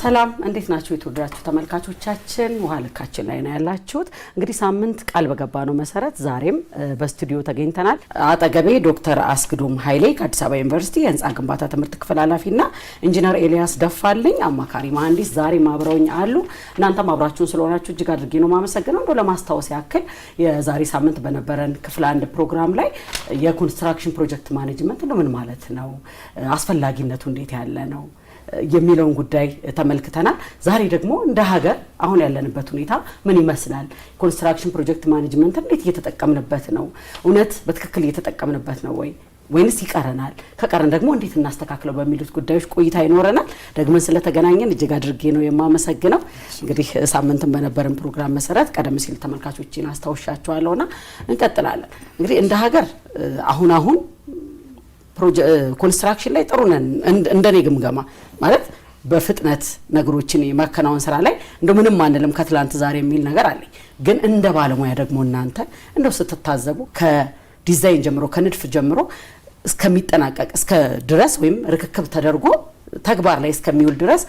ሰላም እንዴት ናችሁ? የተወደዳችሁ ተመልካቾቻችን ውሃ ልካችን ላይ ነው ያላችሁት። እንግዲህ ሳምንት ቃል በገባነው መሰረት ዛሬም በስቱዲዮ ተገኝተናል። አጠገቤ ዶክተር አስግዶም ኃይሌ ከአዲስ አበባ ዩኒቨርሲቲ የህንፃ ግንባታ ትምህርት ክፍል ኃላፊና ኢንጂነር ኤልያስ ደፋልኝ አማካሪ መሀንዲስ ዛሬም አብረውኝ አሉ። እናንተም አብራችሁን ስለሆናችሁ እጅግ አድርጌ ነው ማመሰግነው። እንደ ለማስታወስ ያክል የዛሬ ሳምንት በነበረን ክፍል አንድ ፕሮግራም ላይ የኮንስትራክሽን ፕሮጀክት ማኔጅመንት ምን ማለት ነው፣ አስፈላጊነቱ እንዴት ያለ ነው የሚለውን ጉዳይ ተመልክተናል። ዛሬ ደግሞ እንደ ሀገር አሁን ያለንበት ሁኔታ ምን ይመስላል፣ ኮንስትራክሽን ፕሮጀክት ማኔጅመንት እንዴት እየተጠቀምንበት ነው፣ እውነት በትክክል እየተጠቀምንበት ነው ወይ ወይንስ ይቀረናል፣ ከቀረን ደግሞ እንዴት እናስተካክለው በሚሉት ጉዳዮች ቆይታ ይኖረናል። ደግመን ስለተገናኘን እጅግ አድርጌ ነው የማመሰግነው። እንግዲህ ሳምንትን በነበረን ፕሮግራም መሰረት ቀደም ሲል ተመልካቾችን አስታውሻቸዋለሁና እንቀጥላለን። እንግዲህ እንደ ሀገር አሁን አሁን ኮንስትራክሽን ላይ ጥሩ ነን እንደኔ ግምገማ ማለት በፍጥነት ነገሮችን የማከናወን ስራ ላይ እንደ ምንም አንልም ከትላንት ዛሬ የሚል ነገር አለኝ። ግን እንደ ባለሙያ ደግሞ እናንተ እንደው ስትታዘቡ ከዲዛይን ጀምሮ ከንድፍ ጀምሮ እስከሚጠናቀቅ እስከ ድረስ ወይም ርክክብ ተደርጎ ተግባር ላይ እስከሚውል ድረስ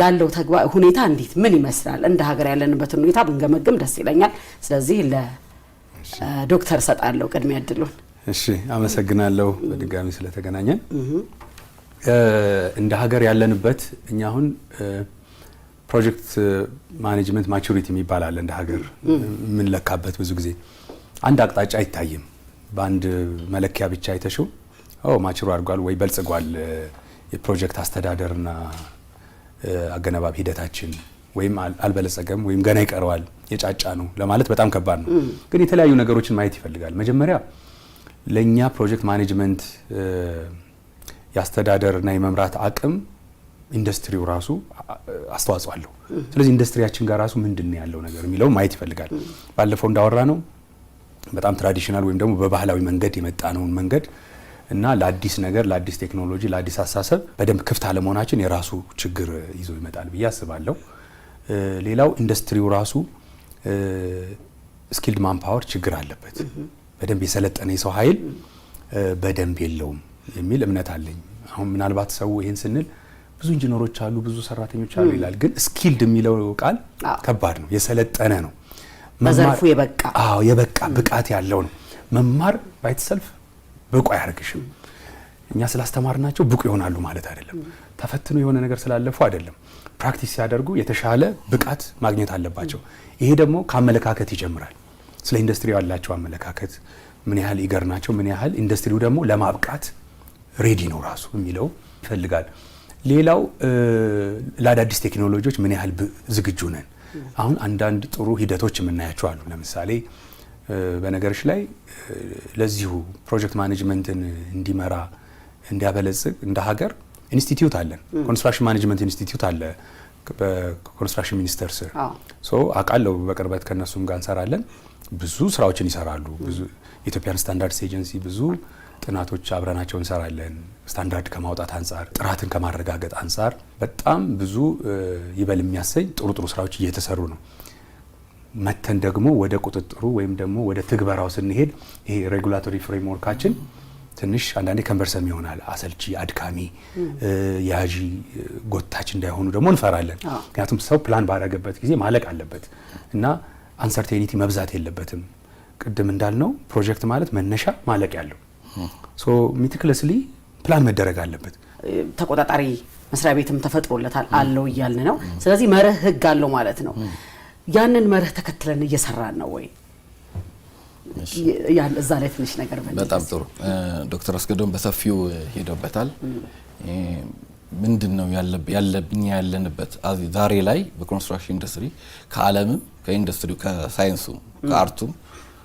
ያለው ተግባር ሁኔታ እንዴት ምን ይመስላል? እንደ ሀገር ያለንበትን ሁኔታ ብንገመግም ደስ ይለኛል። ስለዚህ ለዶክተር ሰጣለሁ ቅድሚያ እድሉን። እሺ አመሰግናለሁ በድጋሚ ስለተገናኘን። እንደ ሀገር ያለንበት እኛ አሁን ፕሮጀክት ማኔጅመንት ማቹሪቲ የሚባል አለ። እንደ ሀገር የምንለካበት ብዙ ጊዜ አንድ አቅጣጫ አይታይም። በአንድ መለኪያ ብቻ አይተሽው ማቹር አድርጓል ወይ በልጽጓል የፕሮጀክት አስተዳደርና አገነባብ ሂደታችን ወይም አልበለጸገም ወይም ገና ይቀረዋል የጫጫ ነው ለማለት በጣም ከባድ ነው። ግን የተለያዩ ነገሮችን ማየት ይፈልጋል መጀመሪያ ለእኛ ፕሮጀክት ማኔጅመንት እና የመምራት አቅም ኢንዱስትሪው ራሱ አስተዋጽኦ አለው። ስለዚህ ኢንዱስትሪያችን ጋር ራሱ ምንድን ያለው ነገር የሚለው ማየት ይፈልጋል። ባለፈው እንዳወራ ነው በጣም ትራዲሽናል ወይም ደግሞ በባህላዊ መንገድ የመጣነውን መንገድ እና ለአዲስ ነገር ለአዲስ ቴክኖሎጂ ለአዲስ አሳሰብ በደንብ ክፍት አለመሆናችን የራሱ ችግር ይዞ ይመጣል ብዬ አስባለሁ። ሌላው ኢንዱስትሪው ራሱ ስኪልድ ማንፓወር ችግር አለበት። በደንብ የሰለጠነ የሰው ኃይል በደንብ የለውም የሚል እምነት አለኝ። አሁን ምናልባት ሰው ይህን ስንል ብዙ ኢንጂነሮች አሉ፣ ብዙ ሰራተኞች አሉ ይላል። ግን ስኪልድ የሚለው ቃል ከባድ ነው። የሰለጠነ ነው፣ በዘርፉ የበቃ አዎ፣ የበቃ ብቃት ያለው ነው። መማር ባይተሰልፍ ብቁ አያደርግሽም። እኛ ስላስተማርናቸው ብቁ ይሆናሉ ማለት አይደለም። ተፈትኖ የሆነ ነገር ስላለፉ አይደለም። ፕራክቲስ ሲያደርጉ የተሻለ ብቃት ማግኘት አለባቸው። ይሄ ደግሞ ከአመለካከት ይጀምራል። ስለ ኢንዱስትሪ ያላቸው አመለካከት ምን ያህል ኢገር ናቸው፣ ምን ያህል ኢንዱስትሪው ደግሞ ለማብቃት ሬዲ ነው ራሱ የሚለው ይፈልጋል። ሌላው ለአዳዲስ ቴክኖሎጂዎች ምን ያህል ዝግጁ ነን። አሁን አንዳንድ ጥሩ ሂደቶች የምናያቸው አሉ። ለምሳሌ በነገሮች ላይ ለዚሁ ፕሮጀክት ማኔጅመንትን እንዲመራ እንዲያበለጽግ እንደ ሀገር ኢንስቲትዩት አለን። ኮንስትራክሽን ማኔጅመንት ኢንስቲትዩት አለ በኮንስትራክሽን ሚኒስቴር ስር አውቃለሁ። በቅርበት ከእነሱም ጋር እንሰራለን። ብዙ ስራዎችን ይሰራሉ። ብዙ ኢትዮጵያን ስታንዳርድስ ኤጀንሲ ብዙ ጥናቶች አብረናቸው እንሰራለን። ስታንዳርድ ከማውጣት አንጻር፣ ጥራትን ከማረጋገጥ አንጻር በጣም ብዙ ይበል የሚያሰኝ ጥሩ ጥሩ ስራዎች እየተሰሩ ነው። መተን ደግሞ ወደ ቁጥጥሩ ወይም ደግሞ ወደ ትግበራው ስንሄድ ይሄ ሬጉላቶሪ ፍሬምወርካችን ትንሽ አንዳንዴ ከንበርሰም ይሆናል። አሰልቺ፣ አድካሚ፣ ያዢ፣ ጎታች እንዳይሆኑ ደግሞ እንፈራለን። ምክንያቱም ሰው ፕላን ባደረገበት ጊዜ ማለቅ አለበት እና አንሰርቴኒቲ መብዛት የለበትም። ቅድም እንዳልነው ፕሮጀክት ማለት መነሻ ማለቅ ያለው ሶ ፕላን መደረግ አለበት። ተቆጣጣሪ መስሪያ ቤትም ተፈጥሮለታል አለው እያልን ነው። ስለዚህ መርህ ህግ አለው ማለት ነው። ያንን መርህ ተከትለን እየሰራን ነው ወይ? እዛ ላይ ትንሽ ነገር በጣም ጥሩ ዶክተር አስገዶም በሰፊው ሄደበታል። ምንድን ነው ያለብኝ ያለንበት ዛሬ ላይ በኮንስትራክሽን ኢንዱስትሪ ከዓለምም ከኢንዱስትሪ ከሳይንሱም ከአርቱም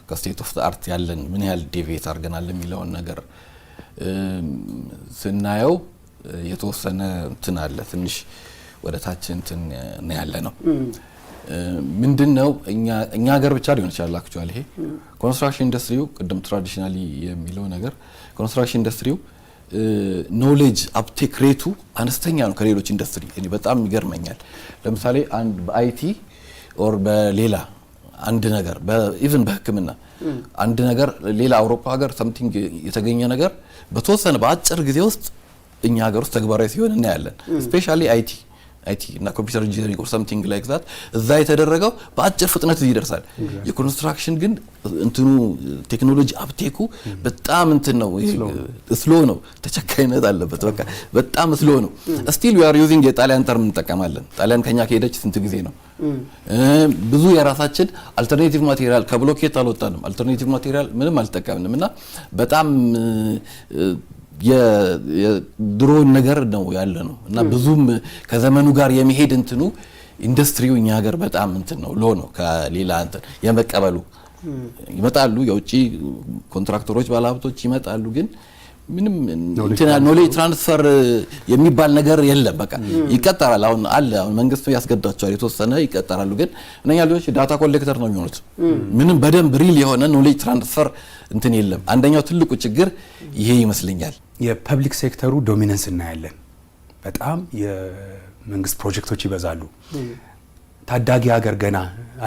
ከስቴት ኦፍ አርት ያለን ምን ያህል ዴቬት አድርገናል የሚለውን ነገር ስናየው የተወሰነ እንትን አለ። ትንሽ ወደ ታች እንትን ያለ ነው። ምንድን ነው እኛ ሀገር ብቻ ሊሆን ይችላል። አክቹዋሊ ይሄ ኮንስትራክሽን ኢንዱስትሪው ቅድም ትራዲሽናሊ የሚለው ነገር ኮንስትራክሽን ኢንዱስትሪው ኖሌጅ አፕቴክ ሬቱ አነስተኛ ነው ከሌሎች ኢንዱስትሪ። እኔ በጣም ይገርመኛል። ለምሳሌ አንድ በአይቲ ኦር በሌላ አንድ ነገር ኢቭን በሕክምና አንድ ነገር ሌላ አውሮፓ ሀገር ሰምቲንግ የተገኘ ነገር በተወሰነ በአጭር ጊዜ ውስጥ እኛ ሀገር ውስጥ ተግባራዊ ሲሆን እናያለን። ስፔሻሊ አይቲ አይቲ እና ኮምፒውተር ኢንጂነሪንግ ኦር ሰምቲንግ ላይክ ዛት እዛ የተደረገው በአጭር ፍጥነት ይደርሳል። የኮንስትራክሽን ግን እንትኑ ቴክኖሎጂ አፕቴኩ በጣም እንትን ነው፣ ስሎ ነው፣ ተቸካይነት አለበት። በቃ በጣም ስሎ ነው። ስቲል ዩ አር ዩዚንግ የጣሊያን ተርም እንጠቀማለን። ጣሊያን ከኛ ከሄደች ስንት ጊዜ ነው? Hmm. ብዙ የራሳችን አልተርኔቲቭ ማቴሪያል ከብሎኬት አልወጣንም። አልተርኔቲቭ ማቴሪያል ምንም አልጠቀምንም እና በጣም የድሮ ነገር ነው ያለ ነው እና ብዙም ከዘመኑ ጋር የሚሄድ እንትኑ ኢንዱስትሪው እኛ ሀገር በጣም እንትን ነው ሎ ነው ከሌላ እንትን የመቀበሉ ይመጣሉ የውጭ ኮንትራክተሮች ባለሀብቶች ይመጣሉ ግን ምንም ኖሌጅ ትራንስፈር የሚባል ነገር የለም። በቃ ይቀጠራል። አሁን አለ አሁን መንግስት ያስገዳቸዋል የተወሰነ ይቀጠራሉ። ግን እነኛ ልጆች ዳታ ኮሌክተር ነው የሚሆኑት። ምንም በደንብ ሪል የሆነ ኖሌጅ ትራንስፈር እንትን የለም። አንደኛው ትልቁ ችግር ይሄ ይመስለኛል። የፐብሊክ ሴክተሩ ዶሚነንስ እናያለን። በጣም የመንግስት ፕሮጀክቶች ይበዛሉ። ታዳጊ ሀገር ገና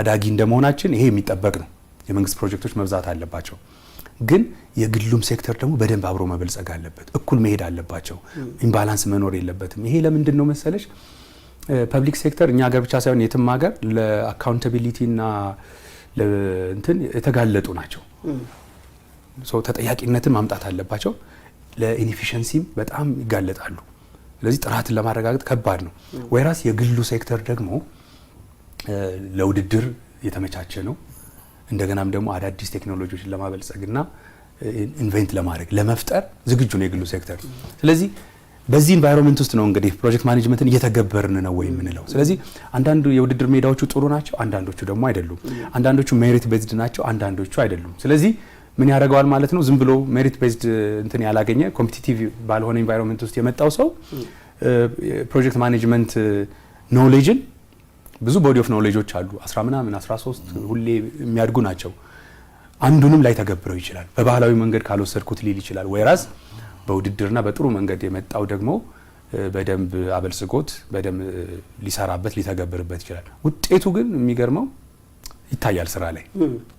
አዳጊ እንደመሆናችን ይሄ የሚጠበቅ ነው። የመንግስት ፕሮጀክቶች መብዛት አለባቸው። ግን የግሉም ሴክተር ደግሞ በደንብ አብሮ መበልጸግ አለበት። እኩል መሄድ አለባቸው። ኢምባላንስ መኖር የለበትም። ይሄ ለምንድን ነው መሰለሽ ፐብሊክ ሴክተር እኛ ሀገር ብቻ ሳይሆን የትም ሀገር ና እንትን የተጋለጡ ናቸው። ተጠያቂነትን ማምጣት አለባቸው። ለኢንኤፊሸንሲም በጣም ይጋለጣሉ። ስለዚህ ጥራትን ለማረጋገጥ ከባድ ነው። ወይራስ የግሉ ሴክተር ደግሞ ለውድድር የተመቻቸ ነው። እንደገናም ደግሞ አዳዲስ ቴክኖሎጂዎችን ለማበልጸግና ኢንቨንት ለማድረግ ለመፍጠር ዝግጁ ነው የግሉ ሴክተር። ስለዚህ በዚህ ኢንቫይሮንመንት ውስጥ ነው እንግዲህ ፕሮጀክት ማኔጅመንትን እየተገበርን ነው ወይ የምንለው። ስለዚህ አንዳንዱ የውድድር ሜዳዎቹ ጥሩ ናቸው፣ አንዳንዶቹ ደግሞ አይደሉም። አንዳንዶቹ ሜሪት ቤዝድ ናቸው፣ አንዳንዶቹ አይደሉም። ስለዚህ ምን ያደርገዋል ማለት ነው? ዝም ብሎ ሜሪት ቤዝድ እንትን ያላገኘ ኮምፒቲቲቭ ባልሆነ ኢንቫይሮንመንት ውስጥ የመጣው ሰው ፕሮጀክት ማኔጅመንት ኖሌጅን ብዙ ቦዲ ኦፍ ኖሌጆች አሉ። አስራ ምናምን አስራ ሶስት ሁሌ የሚያድጉ ናቸው። አንዱንም ላይ ተገብረው ይችላል። በባህላዊ መንገድ ካልወሰድኩት ሊል ይችላል። ወይራስ በውድድርና በጥሩ መንገድ የመጣው ደግሞ በደንብ አበልጽጎት በደንብ ሊሰራበት ሊተገብርበት ይችላል። ውጤቱ ግን የሚገርመው ይታያል። ስራ ላይ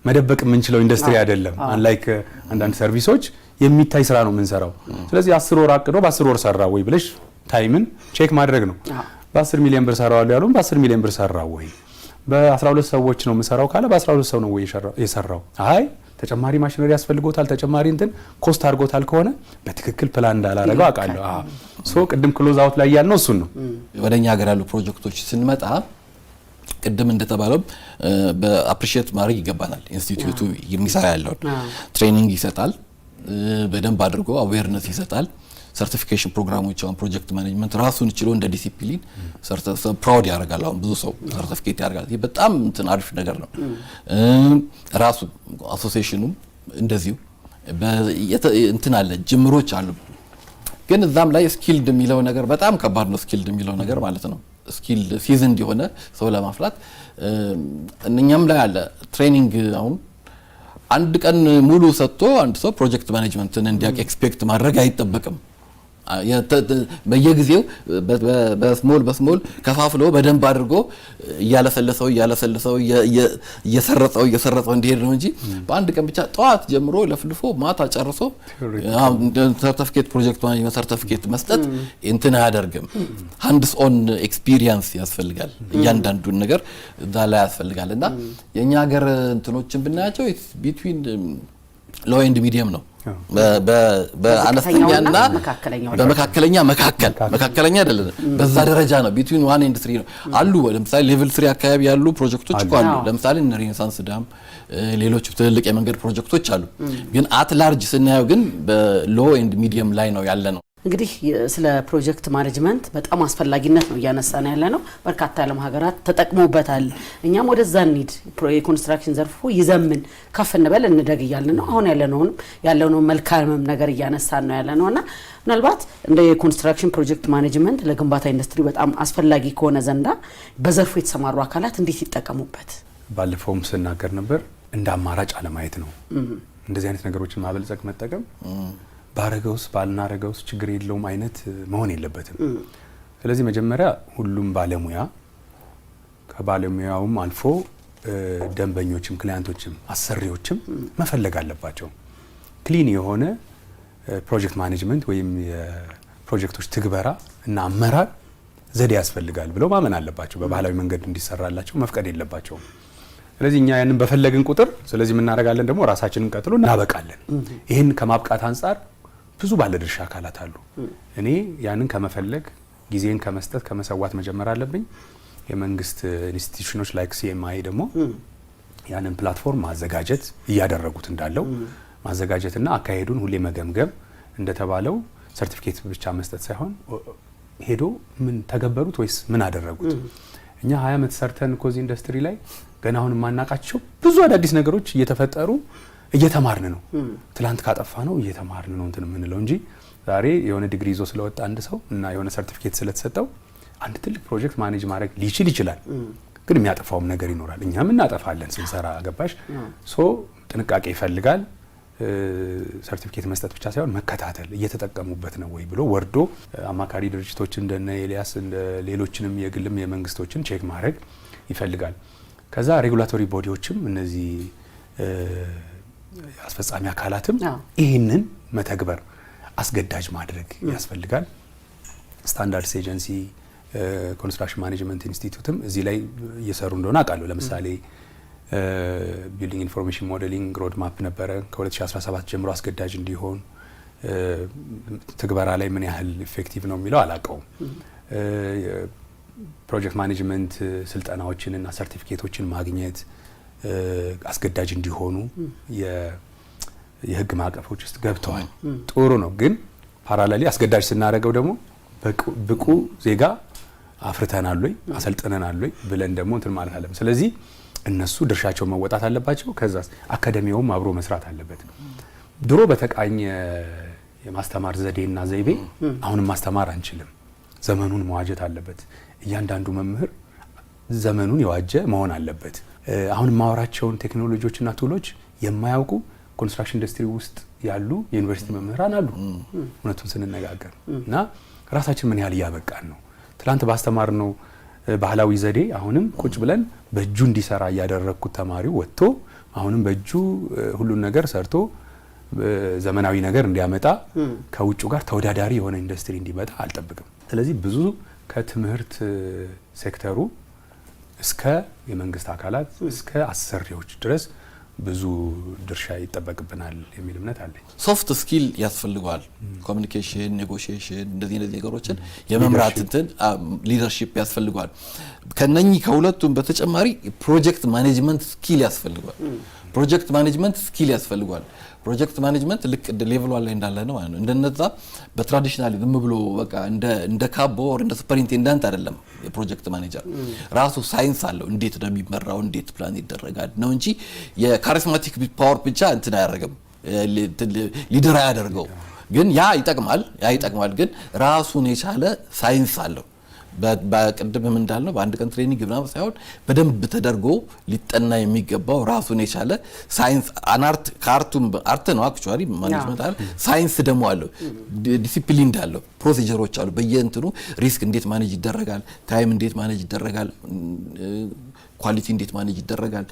መደበቅ የምንችለው ኢንዱስትሪ አይደለም። አንላይክ አንዳንድ ሰርቪሶች የሚታይ ስራ ነው የምንሰራው። ስለዚህ አስር ወር አቅዶ በአስር ወር ሰራ ወይ ብለሽ ታይምን ቼክ ማድረግ ነው። በ10 ሚሊዮን ብር ሰራዋለሁ ያሉን በ10 ሚሊዮን ብር ሰራው ወይ በ12 ሰዎች ነው የምሰራው ካለ በ12 ሰው ነው ወይ የሰራው አይ ተጨማሪ ማሽነሪ ያስፈልጎታል ተጨማሪ እንትን ኮስት አድርጎታል ከሆነ በትክክል ፕላን እንዳላረገው አውቃለሁ። ሶ ቅድም ክሎዝ አውት ላይ ያልነው እሱን ነው። ወደኛ ሀገር ያሉ ፕሮጀክቶች ስንመጣ ቅድም እንደተባለው በአፕሪሺየት ማድረግ ይገባናል። ኢንስቲትዩቱ የሚሰራ ያለውን ትሬኒንግ ይሰጣል፣ በደንብ አድርጎ አዌርነስ ይሰጣል። ሰርቲፊኬሽን ፕሮግራሞች አሁን ፕሮጀክት ማኔጅመንት ራሱን ችሎ እንደ ዲሲፕሊን ፕራውድ ያደርጋል። አሁን ብዙ ሰው ሰርቲፊኬት ያደርጋል። ይህ በጣም እንትን አሪፍ ነገር ነው። ራሱ አሶሲሽኑም እንደዚሁ እንትን አለ ጅምሮች አሉ። ግን እዛም ላይ ስኪልድ የሚለው ነገር በጣም ከባድ ነው። ስኪልድ የሚለው ነገር ማለት ነው ስኪልድ ሲዝን እንዲሆነ ሰው ለማፍላት እኛም ላይ አለ ትሬኒንግ አሁን አንድ ቀን ሙሉ ሰጥቶ አንድ ሰው ፕሮጀክት ማኔጅመንትን እንዲያውቅ ኤክስፔክት ማድረግ አይጠበቅም። በየጊዜው በስሞል በስሞል ከፋፍሎ በደንብ አድርጎ እያለሰለሰው እያለሰለሰው እየሰረጸው እየሰረጸው እንዲሄድ ነው እንጂ በአንድ ቀን ብቻ ጠዋት ጀምሮ ለፍልፎ ማታ ጨርሶ ሰርተፊኬት ፕሮጀክት ማኔጅመንት ሰርተፊኬት መስጠት እንትን አያደርግም። ሀንድስ ኦን ኤክስፒሪየንስ ያስፈልጋል። እያንዳንዱን ነገር እዛ ላይ ያስፈልጋል እና የእኛ ሀገር እንትኖችን ብናያቸው ቢትዊን ሎው ኤንድ ሚዲየም ነው በአነስተኛና በመካከለኛ መካከል መካከለኛ አይደለም፣ በዛ ደረጃ ነው። ቢትዊን ዋን ኤንድ ትሪ ነው አሉ። ለምሳሌ ሌቭል ትሪ አካባቢ ያሉ ፕሮጀክቶች እኮ አሉ። ለምሳሌ ሬኔሳንስ ዳም፣ ሌሎች ትልልቅ የመንገድ ፕሮጀክቶች አሉ። ግን አት ላርጅ ስናየው ግን በሎ ኤንድ ሚዲየም ላይ ነው ያለ ነው። እንግዲህ ስለ ፕሮጀክት ማኔጅመንት በጣም አስፈላጊነት ነው እያነሳን ያለ ነው። በርካታ የዓለም ሀገራት ተጠቅሞበታል። እኛም ወደዛ እንሂድ፣ የኮንስትራክሽን ዘርፉ ይዘምን፣ ከፍ እንበል፣ እንደግ እያልን ነው። አሁን ያለነውንም ያለነው መልካምም ነገር እያነሳን ነው ያለ ነው እና ምናልባት እንደ የኮንስትራክሽን ፕሮጀክት ማኔጅመንት ለግንባታ ኢንዱስትሪ በጣም አስፈላጊ ከሆነ ዘንዳ በዘርፉ የተሰማሩ አካላት እንዴት ይጠቀሙበት? ባለፈውም ስናገር ነበር እንደ አማራጭ አለማየት ነው እንደዚህ አይነት ነገሮችን ማበልጸግ መጠቀም ባረገውስ ባልናረገውስ ችግር የለውም አይነት መሆን የለበትም። ስለዚህ መጀመሪያ ሁሉም ባለሙያ ከባለሙያውም አልፎ ደንበኞችም፣ ክሊያንቶችም፣ አሰሪዎችም መፈለግ አለባቸው። ክሊን የሆነ ፕሮጀክት ማኔጅመንት ወይም የፕሮጀክቶች ትግበራ እና አመራር ዘዴ ያስፈልጋል ብለው ማመን አለባቸው። በባህላዊ መንገድ እንዲሰራላቸው መፍቀድ የለባቸውም። ስለዚህ እኛ ያንን በፈለግን ቁጥር ስለዚህ የምናደርጋለን ደግሞ ራሳችንን ቀጥሎ እናበቃለን። ይህን ከማብቃት አንጻር ብዙ ባለድርሻ አካላት አሉ። እኔ ያንን ከመፈለግ ጊዜን ከመስጠት ከመሰዋት መጀመር አለብኝ። የመንግስት ኢንስቲትዩሽኖች ላይክ ሲኤምአይ ደግሞ ያንን ፕላትፎርም ማዘጋጀት እያደረጉት እንዳለው ማዘጋጀትና አካሄዱን ሁሌ መገምገም እንደተባለው ሰርቲፊኬት ብቻ መስጠት ሳይሆን ሄዶ ምን ተገበሩት ወይስ ምን አደረጉት? እኛ ሀያ ዓመት ሰርተን ኮዚ ኢንዱስትሪ ላይ ገና አሁን የማናውቃቸው ብዙ አዳዲስ ነገሮች እየተፈጠሩ እየተማርን ነው። ትላንት ካጠፋ ነው እየተማርን ነው እንትን የምንለው እንጂ ዛሬ የሆነ ዲግሪ ይዞ ስለወጣ አንድ ሰው እና የሆነ ሰርቲፊኬት ስለተሰጠው አንድ ትልቅ ፕሮጀክት ማኔጅ ማድረግ ሊችል ይችላል። ግን የሚያጠፋውም ነገር ይኖራል። እኛም እናጠፋለን ስንሰራ። ገባሽ? ሶ ጥንቃቄ ይፈልጋል። ሰርቲፊኬት መስጠት ብቻ ሳይሆን መከታተል እየተጠቀሙበት ነው ወይ ብሎ ወርዶ አማካሪ ድርጅቶች እንደነ ኤልያስ እንደ ሌሎችንም የግልም የመንግስቶችን ቼክ ማድረግ ይፈልጋል። ከዛ ሬጉላቶሪ ቦዲዎችም እነዚህ አስፈጻሚ አካላትም ይህንን መተግበር አስገዳጅ ማድረግ ያስፈልጋል። ስታንዳርድስ ኤጀንሲ ኮንስትራክሽን ማኔጅመንት ኢንስቲትዩትም እዚህ ላይ እየሰሩ እንደሆነ አውቃለሁ። ለምሳሌ ቢልዲንግ ኢንፎርሜሽን ሞዴሊንግ ሮድ ማፕ ነበረ ከ2017 ጀምሮ አስገዳጅ እንዲሆን ትግበራ ላይ ምን ያህል ኢፌክቲቭ ነው የሚለው አላውቀውም። ፕሮጀክት ማኔጅመንት ስልጠናዎችንና ሰርቲፊኬቶችን ማግኘት አስገዳጅ እንዲሆኑ የህግ ማዕቀፎች ውስጥ ገብተዋል። ጥሩ ነው። ግን ፓራላሊ አስገዳጅ ስናደርገው ደግሞ ብቁ ዜጋ አፍርተናል ወይ አሰልጥነናል ወይ ብለን ደግሞ እንትን ማለት አለብን። ስለዚህ እነሱ ድርሻቸውን መወጣት አለባቸው። ከዛ አካደሚውም አብሮ መስራት አለበት። ድሮ በተቃኘ የማስተማር ዘዴና ዘይቤ አሁንም ማስተማር አንችልም። ዘመኑን መዋጀት አለበት። እያንዳንዱ መምህር ዘመኑን የዋጀ መሆን አለበት። አሁን የማወራቸውን ቴክኖሎጂዎችና ቱሎች የማያውቁ ኮንስትራክሽን ኢንዱስትሪ ውስጥ ያሉ የዩኒቨርሲቲ መምህራን አሉ። እውነቱን ስንነጋገር እና ራሳችን ምን ያህል እያበቃን ነው? ትላንት ባስተማር ነው ባህላዊ ዘዴ አሁንም ቁጭ ብለን በእጁ እንዲሰራ እያደረግኩት ተማሪው ወጥቶ አሁንም በእጁ ሁሉን ነገር ሰርቶ ዘመናዊ ነገር እንዲያመጣ ከውጭ ጋር ተወዳዳሪ የሆነ ኢንዱስትሪ እንዲመጣ አልጠብቅም። ስለዚህ ብዙ ከትምህርት ሴክተሩ እስከ የመንግስት አካላት እስከ አሰሪዎች ድረስ ብዙ ድርሻ ይጠበቅብናል የሚል እምነት አለኝ። ሶፍት ስኪል ያስፈልገዋል። ኮሚኒኬሽን፣ ኔጎሽሽን እንደዚህ እንደዚህ ነገሮችን የመምራት እንትን ሊደርሺፕ ያስፈልገዋል። ከነኚህ ከሁለቱም በተጨማሪ ፕሮጀክት ማኔጅመንት ስኪል ያስፈልገዋል። ፕሮጀክት ማኔጅመንት ስኪል ያስፈልገዋል። ፕሮጀክት ማኔጅመንት ልክ ሌቭሏ ላይ እንዳለ ነው ማለት ነው። እንደነዛ በትራዲሽናል ዝም ብሎ በቃ እንደ ካቦ ወር እንደ ሱፐር አይደለም። የፕሮጀክት ማኔጀር ራሱ ሳይንስ አለው፣ እንዴት ነው የሚመራው፣ እንዴት ፕላን ይደረጋል ነው እንጂ የካሪስማቲክ ፓወር ብቻ እንትን አያደርግም፣ ሊደር አያደርገው። ግን ያ ይጠቅማል፣ ያ ይጠቅማል። ግን ራሱን የቻለ ሳይንስ አለው። በቅድምም እንዳልነው በአንድ ቀን ትሬኒንግ ምናምን ሳይሆን በደንብ ተደርጎ ሊጠና የሚገባው ራሱን የቻለ ሳይንስ አናርት ከአርቱም አርት ነው አክቹዋሊ ማኔጅመንት አለ። ሳይንስ ደግሞ አለው፣ ዲሲፕሊን እንዳለው ፕሮሲጀሮች አሉ። በየእንትኑ ሪስክ እንዴት ማኔጅ ይደረጋል፣ ታይም እንዴት ማኔጅ ይደረጋል ኳሊቲ እንዴት ማኔጅ ይደረጋል፣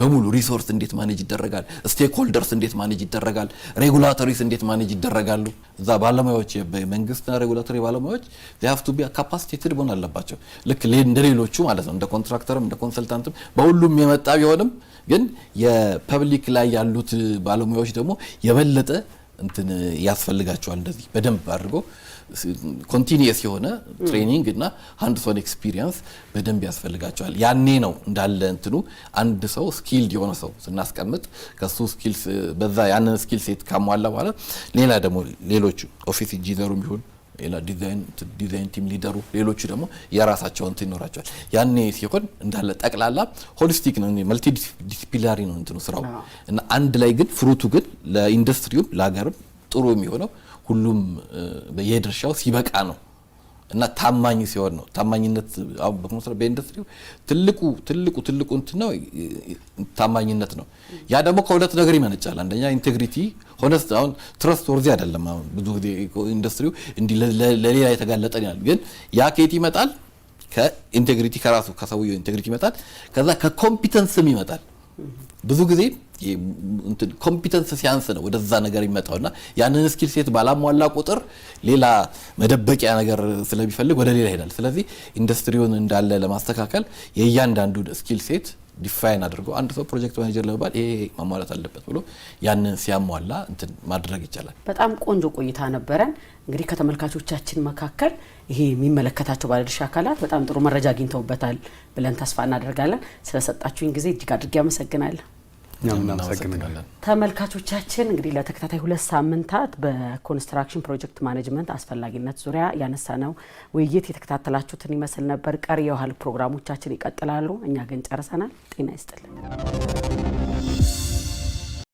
በሙሉ ሪሶርስ እንዴት ማኔጅ ይደረጋል፣ ስቴክ ሆልደርስ እንዴት ማኔጅ ይደረጋል፣ ሬጉላቶሪስ እንዴት ማኔጅ ይደረጋሉ። እዛ ባለሙያዎች የመንግስትና ሬጉላቶሪ ባለሙያዎች ሀፍቱ ቢ ካፓሲቴትድ መሆን አለባቸው። ልክ እንደ ሌሎቹ ማለት ነው። እንደ ኮንትራክተርም እንደ ኮንሰልታንትም በሁሉም የመጣ ቢሆንም ግን የፐብሊክ ላይ ያሉት ባለሙያዎች ደግሞ የበለጠ እንትን ያስፈልጋቸዋል እንደዚህ በደንብ አድርጎ ኮንቲኒየስ የሆነ ትሬኒንግ እና ሀንድ ሶን ኤክስፒሪየንስ በደንብ ያስፈልጋቸዋል። ያኔ ነው እንዳለ እንትኑ አንድ ሰው ስኪልድ የሆነ ሰው ስናስቀምጥ ከሱ ስኪልስ በዛ ያንን ስኪል ሴት ካሟላ በኋላ ሌላ ደግሞ ሌሎቹ ኦፊስ ኢንጂነሩ ቢሆን ሌላ ዲዛይን ቲም ሊደሩ ሌሎቹ ደግሞ የራሳቸው እንትን ይኖራቸዋል። ያኔ ሲሆን እንዳለ ጠቅላላ ሆሊስቲክ ነው፣ መልቲ ዲስፕሊናሪ ነው እንትኑ ስራው እና አንድ ላይ ግን ፍሩቱ ግን ለኢንዱስትሪውም ለሀገርም ጥሩ የሚሆነው ሁሉም የድርሻው ሲበቃ ነው እና ታማኝ ሲሆን ነው። ታማኝነት በኢንዱስትሪ ትልቁ ትልቁ ትልቁ እንትን ነው ታማኝነት ነው። ያ ደግሞ ከሁለት ነገር ይመነጫል። አንደኛ ኢንቴግሪቲ ሆነስ አሁን ትረስት ወርዚ አይደለም። አሁን ብዙ ጊዜ ኢንዱስትሪው እንዲህ ለሌላ የተጋለጠ ይላል። ግን ያ ከየት ይመጣል? ከኢንቴግሪቲ ከራሱ ከሰውየው ኢንቴግሪቲ ይመጣል። ከዛ ከኮምፒተንስም ይመጣል። ብዙ ጊዜ ኮምፒተንስ ሲያንስ ነው ወደዛ ነገር የሚመጣው እና ያንን ስኪል ሴት ባላሟላ ቁጥር ሌላ መደበቂያ ነገር ስለሚፈልግ ወደ ሌላ ይሄዳል። ስለዚህ ኢንዱስትሪውን እንዳለ ለማስተካከል የእያንዳንዱ ስኪል ሴት ዲፋይን አድርጎ አንድ ሰው ፕሮጀክት ማኔጀር ለመባል ይሄ ማሟላት አለበት ብሎ ያንን ሲያሟላ እንትን ማድረግ ይቻላል። በጣም ቆንጆ ቆይታ ነበረን። እንግዲህ ከተመልካቾቻችን መካከል ይሄ የሚመለከታቸው ባለድርሻ አካላት በጣም ጥሩ መረጃ አግኝተውበታል ብለን ተስፋ እናደርጋለን። ስለሰጣችሁኝ ጊዜ እጅግ አድርጌ አመሰግናለሁ። ተመልካቾቻችን እንግዲህ ለተከታታይ ሁለት ሳምንታት በኮንስትራክሽን ፕሮጀክት ማኔጅመንት አስፈላጊነት ዙሪያ ያነሳነው ውይይት የተከታተላችሁትን ይመስል ነበር። ቀሪ የውሃል ፕሮግራሞቻችን ይቀጥላሉ። እኛ ግን ጨርሰናል። ጤና ይስጥልን።